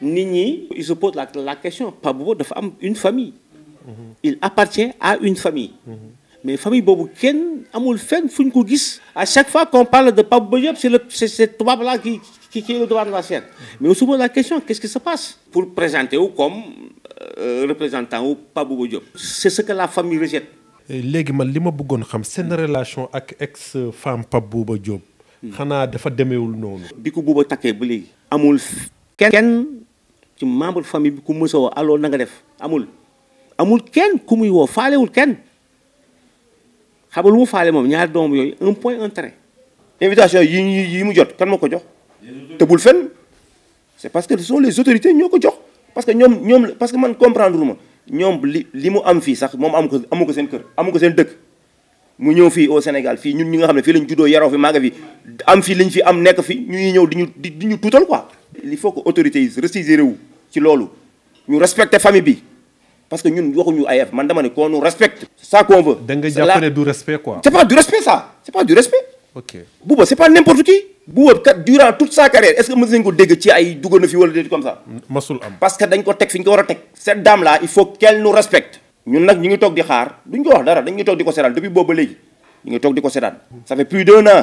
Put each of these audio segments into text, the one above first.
Nini, il se posent la la question Pape Bouba femme, une famille. il appartient à une famille. mais famille Bobo Ken, amul Fen, fu à chaque fois qu'on parle de Pape Bobo Diop c'est le c'est là qui qui qui est le devant de la scène. mais on se pose la question qu'est-ce qui se passe. pour présenter ou comme euh, représentant ou Pape Bobo Diop. c'est ce que la famille rejette. Je man li ma xam relation avec ex femme Pape Bobo Diop. Hmm. xanaa dafa demeewul noonu. Le ko Bouba ba léegi. amul Ken, ci membre famille bi ku mës a allo na nga def amul amul kenn ku muy woo faalewul kenn xam lu mu faale moom ñaari doom yooyu un point un trait invitation yi yi mu jot kan moo jox te bul fen c'est parce que ce sont les autorités ñoko jox parce que ñom ñom parce que man comprendre ma ñoom li mu am fi sax mom amuko amuko sen ko seen kër amu ko dëkk mu ñëw fii au Sénégal fii ñun ñi nga xam ne fii lañ juddoo yaroo fi nga fi am fi liñ fi am nekk fi ñuy ñëw di ñu di ñu tuutal quoi il faut que autorités yi ressaisir wu ci respectons ñu famille parce que nous ñu avons man dama qu'on nous respecte. c'est ça qu'on veut. da nga du respect quoi. c'est pas du respect ça c'est pas du respect. ok Bouba c'est pas n'importe qui. durant toute sa carrière est-ce que nous ko dégg ci ay comme ça. parce que dañ ko tek cette dame là il faut qu'elle nous respecte. Nous sommes ñi ngi tok di xaar duñ ko wax dara dañ ñi nous depuis nous ngi tok ça fait plus d'un an.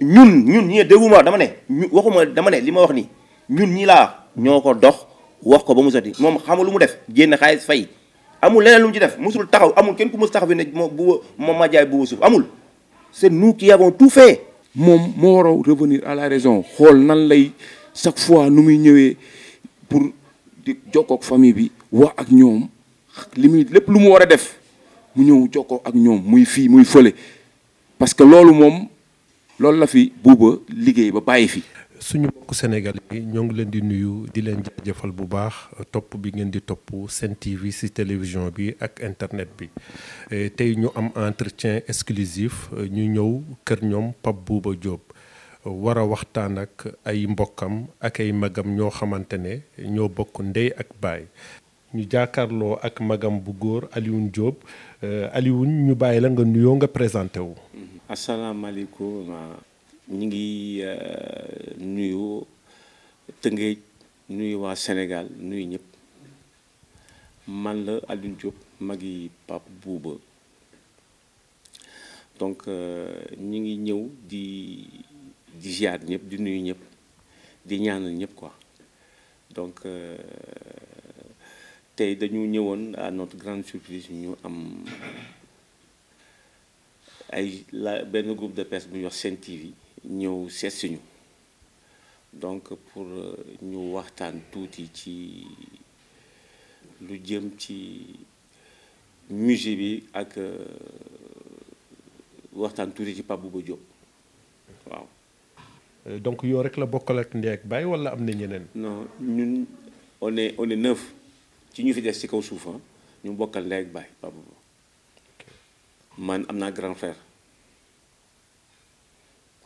ñun ñun nous dégguma dama né waxuma dama né lima nous wax ni ñun ñi la ñoo ko dox wax ko ba mu mom xamul lu mu def fay amul leneen ci def musul taxaw amul ku amul c'est nous qui avons tout fait. mon moo revenir à la raison xol nan lay chaque fois nu muy pour di ak famille bi wa ak ñoom limi lu mu wara def mu ñëw ak muy muy parce que lolu mom loolu la fi buuba liggéey ba bàyyi fi. suñu mbokku sénégalais yi ñoo ngi leen di nuyu di leen jaajëfal bu baax topp bi ngeen di topp seen TV ci télévision bi ak internet bi e, tey ñu am entretien exclusif e, ñu ñëw kër ñoom pap Bouba Diop war a waxtaan ak ay mbokkam ak ay magam ñoo xamante ne ñoo bokk ndey ak baay ñu jàkkaarloo ak magam bu góor Alioune Diop e, Alioune ñu bàyyi la nga nuyoo nga présenté wu. Mm-hmm asalaamaaleykum ñi ngi euh, nuyu Tëngéej nuyu waa Sénégal nuyu ñëpp man la Alioune Diop magi Pape Bouba donc euh, ñi ngi ñëw di di ziar ñëpp di nuyu ñëpp di ñaanal ñëpp quoi donc euh, tey dañu ñëwoon à notre grande surprise ñu am ay la benn groupe de presse bu ñuy wax Sen TV ñëw seet si ñu donc pour euh, ñu waxtaan tuuti ci lu jëm ci musée bi ak euh, waxtaan tuuti ci Pape Bouba Diop waaw. Euh, donc yow rek la bokkal ak ndey ak baay wala am na ñeneen. non ñun on est on est neuf ci ñu fi des ci kaw suuf ah, ñu bokkal ndey ak baay Pape Bouba. man am naa grand frère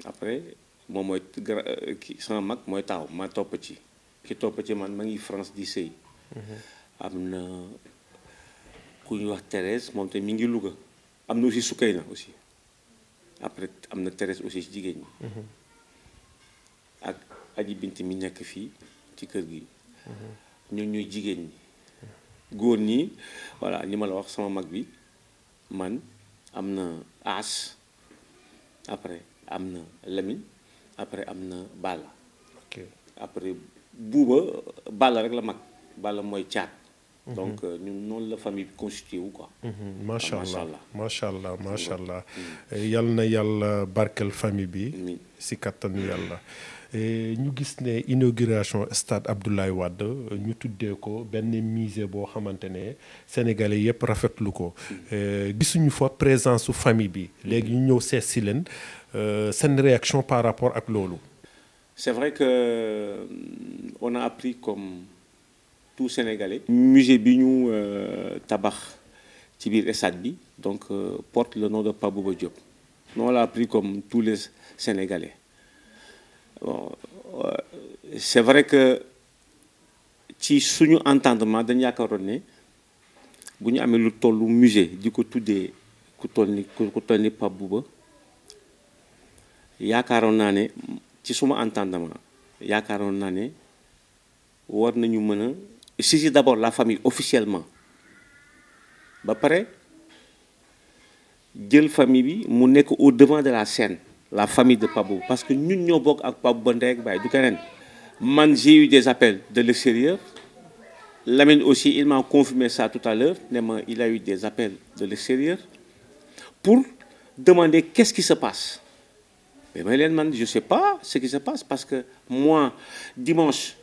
après moom mooy grand euh, sama mag mooy taaw ma topp ci ki topp ci man ma ngi France di sëy mhm. am na ku ñuy wax Thérèse moom te mi ngi Louga am na aussi sukkay na aussi après am na Thérèse aussi ci jigéen ñi mhm. ak aji bint mi nekk fii ci kër gi mhm. ñun ñuy jigéen ñi góor ñi voilà li ma la wax sama mag bi man am na As après am na Lamine après am na Balla. ok après buuba Balla rek la mag Balla mooy caat. Mhm. donc euh, ñun noonu la famille bi constitué wu quoi. Mhm. macha allah macha allah macha allah. Mm. yal na yàlla barkel famille bi. si kattanu yàlla. ñu gis l'inauguration inauguration stade Abdoulaye Nous ñu tuddee ko benn musée bo xamante sénégalais yépp rafetlu ko mm. euh, gisuñu fa présence su famille bi mm. légui ñu ñëw sees si leen euh, réaction par rapport ak lolu c'est vrai que euh, on a appris comme tout sénégalais musée bi ñu tabax ci bi donc porte le nom de Pabou Bouba Diop. on l'a appris comme tous les sénégalais euh, c'est vrai que ci suñu entendement dañ yakaron un buñu amé lu tollu musée tuddé ku ku ci suma entendement war nañu d'abord la famille officiellement ba famille bi au devant de la scène la famille de Pabou. Parce que nous, nous sommes avec Pabou j'ai eu des appels de l'extérieur. Lamine aussi, il m'a confirmé ça tout à l'heure. Il a eu des appels de l'extérieur pour demander qu'est-ce qui se passe. Mais dit, je ne sais pas ce qui se passe parce que moi, dimanche,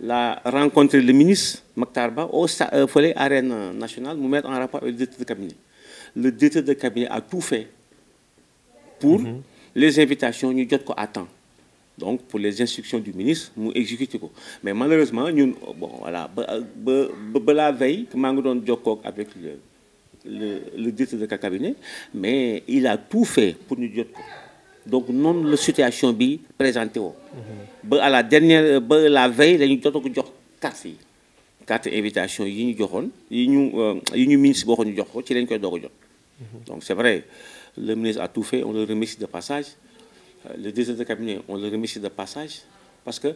la rencontre le ministre Maktarba au euh, Follet Arène Nationale, nous mettre en rapport avec le directeur de cabinet. Le directeur de cabinet a tout fait pour mhm les invitations nous avons ko à donc pour les instructions du ministre mu exécuté mais malheureusement nous... bon voilà la veille nous ngi doon jokkoog avec le le directeur de cabinet mais il a tout fait pour nous jot ko donc non, la situation bi présenté mhm. à la dernière la veille nous avons ko jox carte yi. carte invitation yi ñu yi euh, ministre qui nous ñu jox ci koy a jot. Mhm. donc c'est vrai. Le ministre a tout fait, on le remercie de passage. Euh, le deuxième de cabinet, on le remercie de passage. Parce que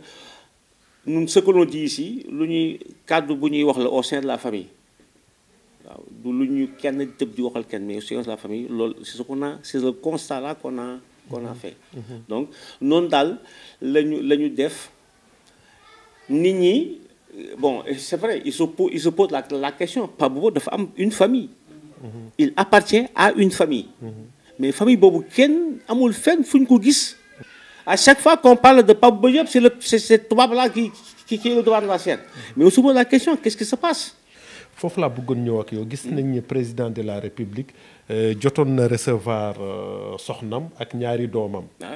ce que l'on dit ici, le cadre au sein de la famille. au sein de la famille, c'est ce qu'on a, c'est le constat là qu'on a, qu'on a fait. Mm-hmm. Mm-hmm. Donc, non dal, le def, nini, bon, c'est vrai, ils se posent la question, pas beaucoup de femmes, une famille. Mm-hmm. il appartient à une famille mm-hmm. mais famille boobu kenn amul fenn fu famille à chaque fois qu'on parle de Pape Boye c'est le c'est ce là qui qui qui est au devant de la scène mm-hmm. mais au se pose la question qu'est-ce qui se passe foofu laa bëggoon ñëw ak yow gis nañ président de la république euh, jotoon na recevoir euh, soxnam ak ñaari ah.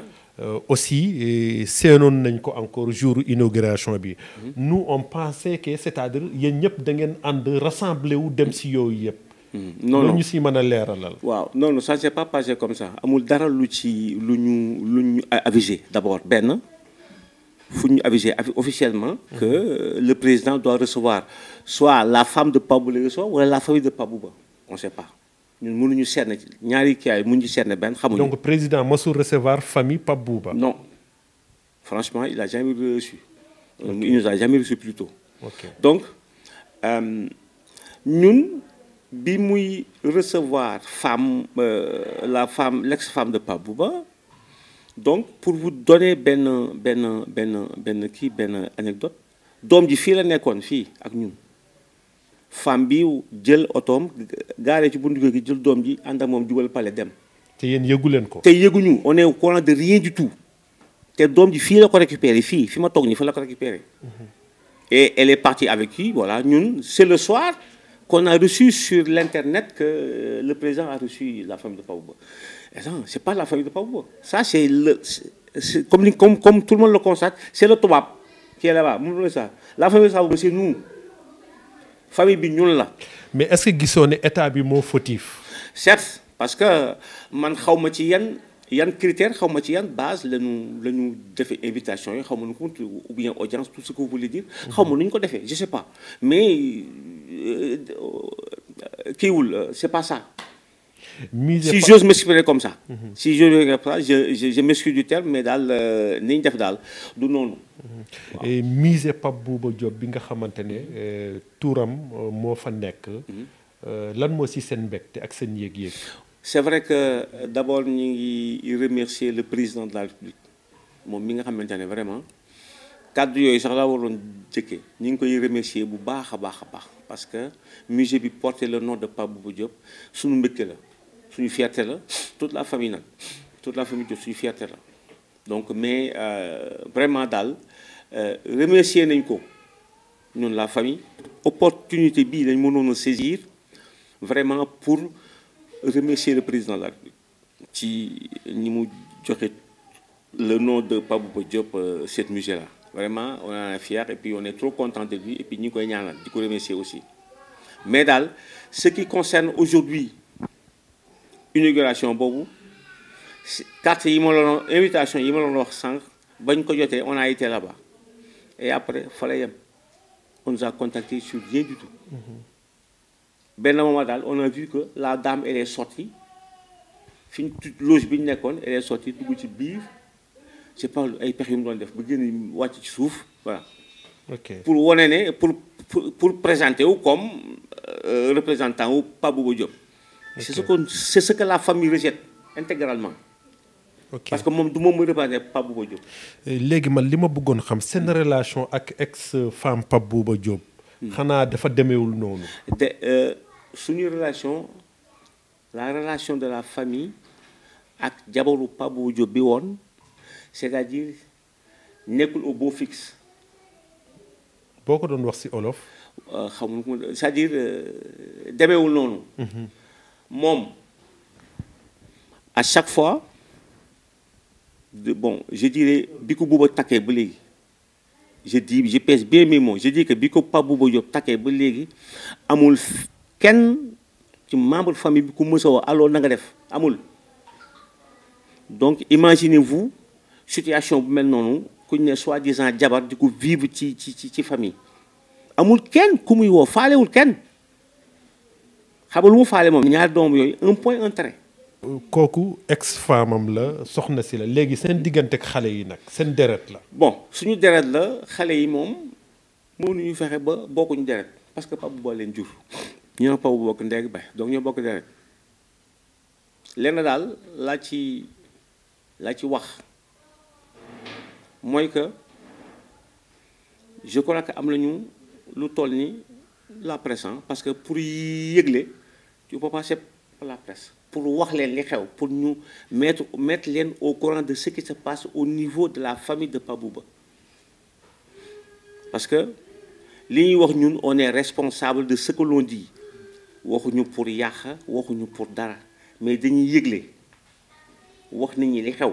Euh, aussi euh, seenoon nañ ko encore jour inauguration bi nous on pensait que c'est-à-dire yéen ñëpp da ngeen ànd rassemblé wu dem si Hmm. non non ñu non ça s'est pas passé comme ça amul dara lu ci d'abord Ben, fu aviser officiellement. Hmm. que euh, le président doit recevoir soit la femme de Paboule soit la famille de Pabouba. On ne sait pas ñun mënuñu ñaari donc président doit recevoir famille de non franchement il a jamais reçu. Euh, il nous a jamais reçu plus tôt. donc euh, nous bi muy recevoir femme euh, la femme l'ex-femme de Pape donc pour vous donner ben ben ben ben qui ben anecdote dom ji fii la nekkoon fi ak ñun femme bi jël otoom gaare ci buntu kër gi jël doom ji ànd ak moom jubal dem. te yéen yëgu leen ko. te yëguñu on est au courant de rien du tout te dom ji fii la ko récupérer fi, fi ma toog ni fa la ko récupéré mhm. et elle est partie avec qui voilà ñun c'est le soir qu'on a reçu sur l'Internet que euh, le président a reçu la femme de Paouba. Et eh non, ce pas la famille de Paouba. Ça, c'est le... Comme, comme, tout le monde le constate, c'est le Tobab qui est là-bas. La famille de Paouba, c'est nous. famille Bignon là. Mais est-ce que Guissone est mot fautif Certes, parce que man y a un critère, critères xawma ci base nous, nous defé invitation xawma ou bien audience tout ce que vous voulez dire Je mhm. ne je sais pas mais euh, kiiwul euh, c'est pas ça. musée si j'ose m'exprimer comme ça. si je ne comme je je je m'excuse du terme mais dans euh, ni ñu def du non. Et musée pas Bouba Diop bi nga xamante ne tuuram moo fa nekk. Mhm. lan moo ci seen mbégte ak seen yéeg-yéeg. c'est vrai que d'abord ñu ngi remercier le président de la République moom mi nga xamante vraiment kàddu yooyu sax laa waroon jëkkee ñu ngi remercier bu baax a parce que musée bi le nom de Pape Bouba Diop suñu mbégte la suñu fierté la toute la famille toute la famille Diop suñu fierté la donc mais euh, vraiment daal euh, remercier nous, ko ñun la famille opportunité bii nous mënoon saisir vraiment pour remercier le président de la République ci ñi joxe le nom de Pape Bouba Diop euh, cette musée là vraiment on en est fiers, et puis on est trop content de lui et puis nous koy ñaanal que les remercier aussi mais dal ce qui concerne aujourd'hui inauguration égalation carte invitation yi on a été là-bas et après on nous a contacté sur rien du tout Ben moment on a vu que la dame elle est sortie Fin toute loge elle est sortie tout ci biir je parle ay pex yu mu doon def bu génn wàcc ci souf voilà. ok pour woné né pour pour pour présenter ou comme euh, représentant wu Pape job c'est ce que c'est ce que la famille rejette intégralement. ok parce que mom du mom muy représenté Pape Bouba Diop. Euh, man lima bëggone bëggoon xam une hmm. relation ak ex femme Pape Bouba Diop. Hmm. xanaa dafa demeewul té de euh, suñu relation la relation de la famille ak jabaru Pape Bouba bi won c'est-à-dire nekkul au beau fixe. boko don wax ci olof. Euh, xamul c'est-à-dire euh, demeewul noonu. Mhm. moom à chaque fois de bon je dirais biko bubu Bouba ba léegi je dis je pèse bien mes mots je dis que biko ko Pape Bouba Diop ba léegi amul ken ci membre famille bi ku mës alors na nga def amul donc imaginez-vous situation bu mel noonu kuñ ne soi-disant jabar di ko vivre ci ci ci famille amul kenn ku muy wo faalewul kenn xamal lu mu faale mom ñaar doom yoy un point un trait kooku ex femme am la soxna si la léegi sen diggante ak xale yi nak sen deret la bon suñu deret la xalé yi mom moom ñu fexé ba bokkuñu deret parce que pap bo leen jur ñoo Pape Bouba bokk ndeg ba donc ñoo bokk deret lenn daal laa ci la ci wax moi, je crois que am nous lu la presse hein, parce que pour yégler tu peux passer par la presse pour nous pour nous mettre mettre au courant de ce qui se passe au niveau de la famille de Pabouba parce que li on est responsable de ce que l'on dit ñu pour waxu ñu pour dara mais dañuy yégler wax nit ñi li xew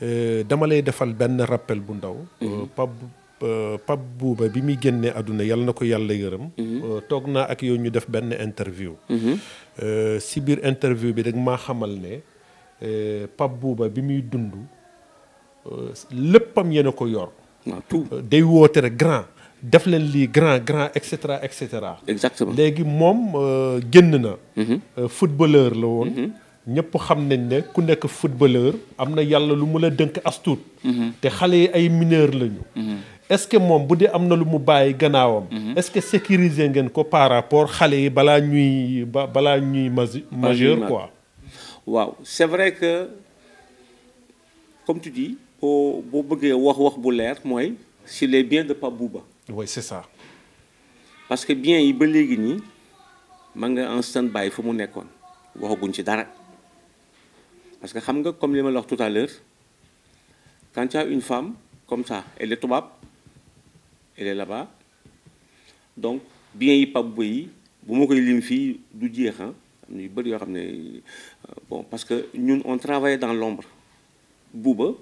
Euh, dama lay defal benn rappel bu ndaw. pap pap buuba bi muy génnee àdduna yàlla na ko yàlla yërëm. Mhm. Euh, toog naa ak yow ñu def benn interview. Mhm. Euh, si biir interview bi rek maa xamal ne pab buuba bi muy dund léppam yéen a ko yor. Ah, tout day woote grand. def leen li grand grand et cetera et cetera. exactement léegi moom génn na. Mhm. footballeur la woon. ñëpp xam nañ ne ku nekk footballeur am na yàlla lu mu la dënk astuut mhm. te xale yi ay mineur lañu. Mhm. est-ce que moom bu dee am na lu mu bàyyi gannaawam. Mhm. est-ce que sécuriser ngeen ko par rapport xale yi balaa ñuy ba balaa ñuy majeur quoi. waaw c'est vrai que comme tu dis boo boo bëggee wax wax bu leer mooy sur les biens de Pape Bouba. oui c'est ça. parce que bien yi ba léegi nii ma nga en stand by fu mu nekkoon waxaguñ ci dara parce que xam nga comme je l'ai dit tout à l'heure quand y a une femme comme ça elle est tobab, elle est là-bas donc bien y pas bu pas bu ma Vous lim une du jeex ah euh, bon parce que nous, on travaille dans l'ombre Bouba,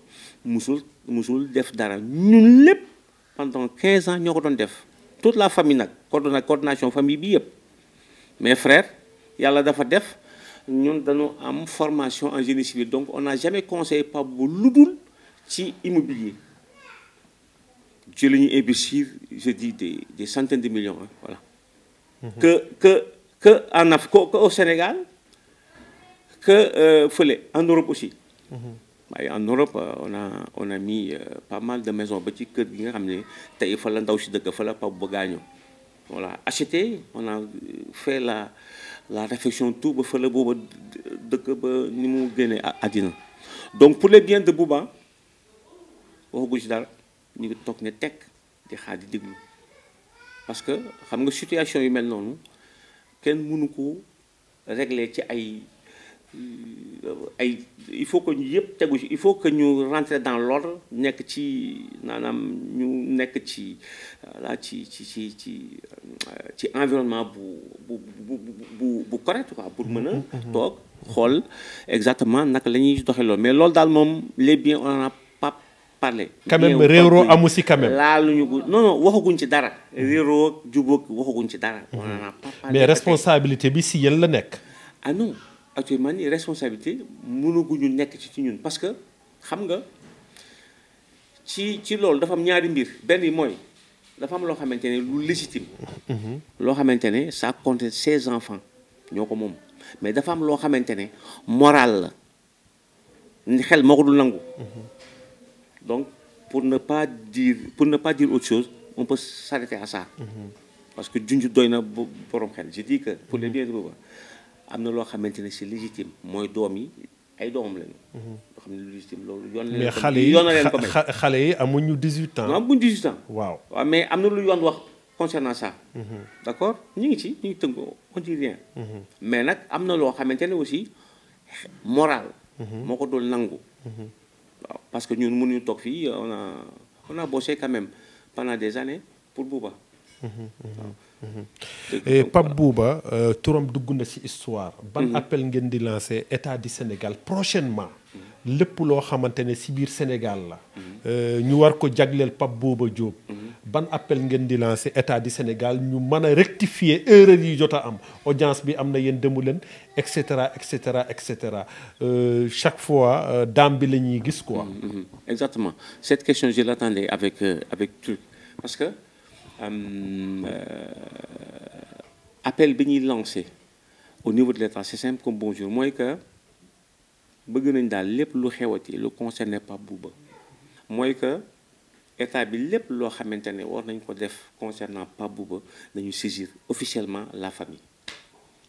musul musul def dara ñun pendant 15 ans nous avons def toute la famille la coordination famille bi mes frères a dafa def ñun dañu am formation en génie civil donc on n'a jamais conseillé pas bu ludul ci immobilier ci la je dis des des centaines de millions hein, voilà. Mhm. que que que en Afrique au Sénégal que euh, en Europe aussi. Mmh. en Europe euh, on a on a mis euh, pas mal de maisons petites que nous gi nga Il ne tey fa la ndaw si dëkk fa la voilà acheter on a euh, fait la la réflexion tout ba le booba de ba ni mu à àddina donc pour les biens de Bouba waxaguñ ci dara ni ngi toog ne teg di xaar di parce que xam nga situation yu mel noonu kenn mënu ko régler ci ay. Euh, il faut que nous dans il faut que nous rentrer dans l'ordre nek ci pour ñu nek ci la ci ci ci ci euh, environnement bu bu bu bu correct quoi pour mëna mm-hmm, mm-hmm. tok xol exactement nak qui ñuy lool mais nous dal mom les bien on a pas quand même quand même. non non waxaguñ ci dara. Mm-hmm. waxaguñ ci dara. on a pas parlé mais responsabilité bi si nous la ah non actuellement les responsabilité mënaguñu nekk ci ci ñun parce que xam nga ci ci loolu dafa am ñaari mbir benn yi mooy dafa am loo xamante ne lu légitime. Mhm. loo xamante ne ça compte ses enfants ñoo ko moom mais dafa am loo xamante ne moral la xel moo ko dul nangu. Mhm. donc pour ne pas dire pour ne pas dire autre chose on peut s'arrêter à ça. Mhm. parce que junj doy na borom xel je dis que pour les bien de amna lo xamantene xamante ne c'est légitime mooy doom yi ay doomam lañu. loo xam ne lu légitime loolu yoon na leen ko mais xale yi amuñu 18 ans. amuñu 18 ans. waaw mais amna lu yoon wax concernant ça. Mhm. d'accord ñi ngi ci ñi ngi tënku on dit rien. Mhm. mais nak amna lo xamantene aussi moral. Mhm. moko ko nangu. waaw parce que ñun mënuñu tok fi on a on a bossé quand même pendant des années pour Bouba. waaw Pape Bouba euh, monde a na ci histoire. ban mhm. appel avez-vous lancé lancer état du Sénégal prochainement. Mhm. le poulot a maintenu ci Sibir Sénégal nous mhm. euh, avons war ko Pape Bouba Diop. ban appel vous di état du Sénégal nous avons rectifier erreur yi jot am audience bi am na demu euh, chaque fois daam bi quoi. exactement cette question je l'attendais avec avec parce que. Hum, euh, appel béni lancé au niveau de l'état c'est simple comme bonjour Moi, que bëgg nañ daal lépp lu xewati lu concerne pas Bouba Moi, que état bi lépp loo xamante ne war nañ ko def concernant pas Bouba nous saisir officiellement la famille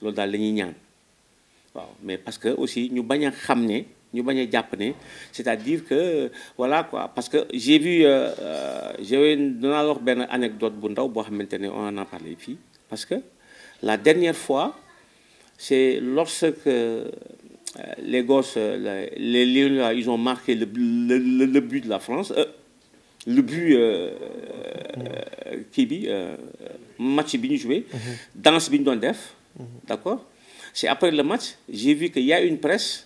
C'est ce que nous ñaan mais parce que aussi ñu bañ a c'est-à-dire que voilà quoi parce que j'ai vu euh, euh, j'ai anecdote bu ndaw on en a parlé parce que la dernière fois c'est lorsque euh, les gosses les ils ont marqué le but de la France le but kii match joué. Mhm. Dans ce def. d'accord c'est après le match j'ai vu qu'il y a une presse.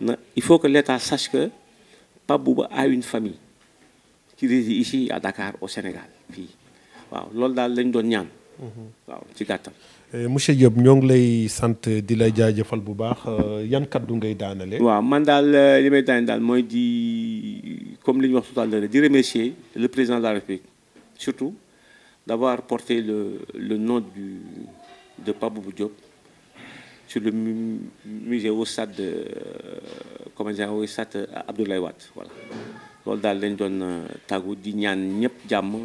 il faut que l'État sache que Pabouba a une famille qui réside ici à Dakar, au Sénégal. C'est waaw que nous lañ doon ñaan. Mhm. waaw ci eh, monsieur Diop ñoo ngi lay de di la jaajëfal bu baax euh, yan kaddu ngay daanale. waaw man daal euh, li may daane daal di comme li wax tout à l'heure di remercier le président de la République surtout d'avoir porté le le nom du de Pape Diop sur le musée au de euh, comment dire au euh, Abdoulaye Watt voilà lol dal lañ doon euh, tàggu di ñaan salam jàmm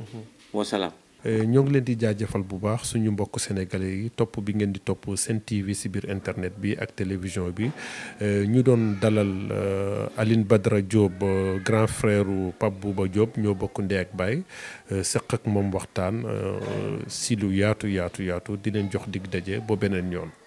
mhm. wasalaam Euh, ñoo ngi leen di jaajëfal bu baax suñu mbokk sénégalais yi topp bi ngeen di topp seen TV si biir internet bi ak télévision bi euh, ñu doon dalal euh, Aline Badara Diop grand frère Pape Bouba Diop ñoo bokk ndey ak baay sëq ak moom waxtaan si lu yaatu yaatu yaatu di leen jox dig daje ba beneen yoon.